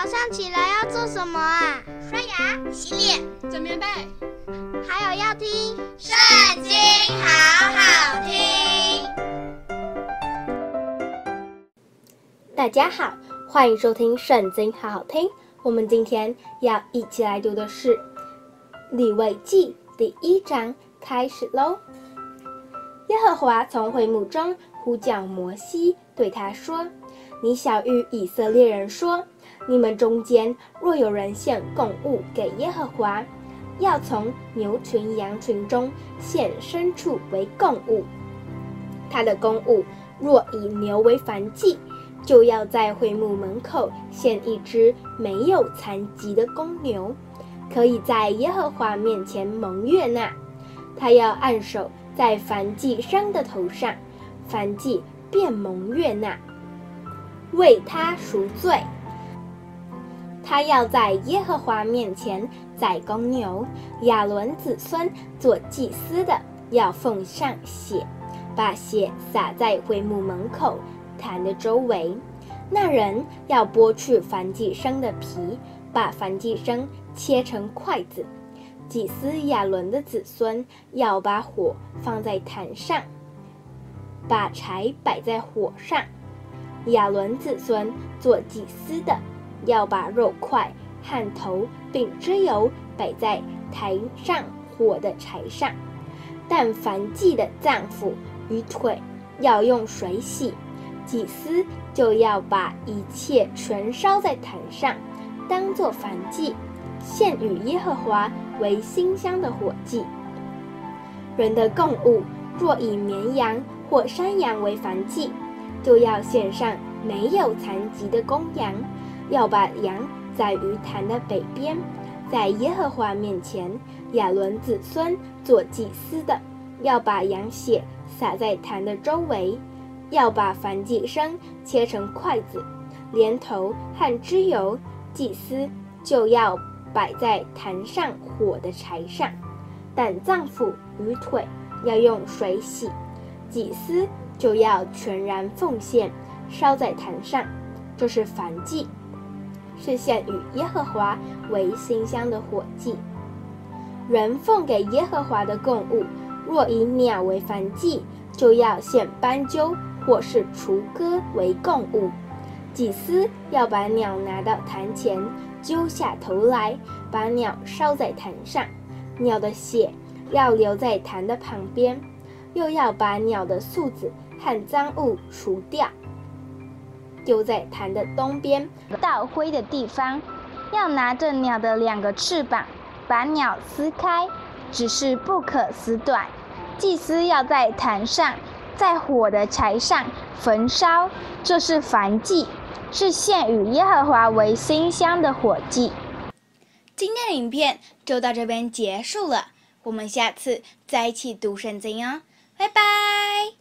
早上起來要做什麼啊？刷牙、洗臉、整棉被，還有要聽《聖經好好聽》。大家好，歡迎收聽《聖經好好聽》。我們今天要一起來讀的是《利未記》第一章，開始嘍。耶和華從會幕中呼叫摩西，對他說：“你曉諭以色列人說。”你們中間若有人獻供物給耶和華，要從牛群、羊群中獻牲畜為供物。他的供物若以牛為燔祭，就要在會幕門口獻一隻沒有殘疾的公牛，可以在耶和華面前蒙悅納。他要按手在燔祭牲的頭上，燔祭便蒙悅納，為他贖罪。他要在耶和華面前，宰公牛，亞倫子孫做祭司的，要奉上血，把血灑在會幕門口，壇的周圍。那人要剝去燔祭牲的皮，把燔祭牲切成塊子。祭司亞倫的子孫要把火放在壇上，把柴擺在火上。亞倫子孫做祭司的。要把肉塊和頭並脂油擺在壇上火的柴上。但燔祭的臟腑與腿，要用水洗。祭司就要把一切全燒在壇上，當作燔祭，獻與耶和華為馨香的火祭。人的供物若以綿羊或山羊為燔祭，就要獻上沒有殘疾的公羊。要把羊宰於壇的北邊，在耶和華面前，亞倫子孫做祭司的，要把羊血灑在壇的周圍，要把燔祭牲切成塊子，連頭和脂油，祭司就要擺在壇上火的柴上。但臟腑與腿要用水洗，祭司就要全然奉獻，燒在壇上，這是燔祭。是獻與耶和華為馨香的火祭。人奉給耶和華的供物，若以鳥為燔祭，就要獻斑鳩或是雛鴿為供物。祭司要把鳥拿到壇前，揪下頭來，把鳥燒在壇上，鳥的血要流在壇的旁邊，又要把鳥的嗉子和髒物除掉。就在壇的東邊，不倒灰的地方，要拿着鳥的兩個翅膀，把鳥撕開，只是不可撕斷。祭司要在壇上，在火的柴上焚燒，這是燔祭，是獻與耶和華為馨香的火祭。今天的影片就到這邊結束了，我們下次再一起讀聖經哦，拜拜。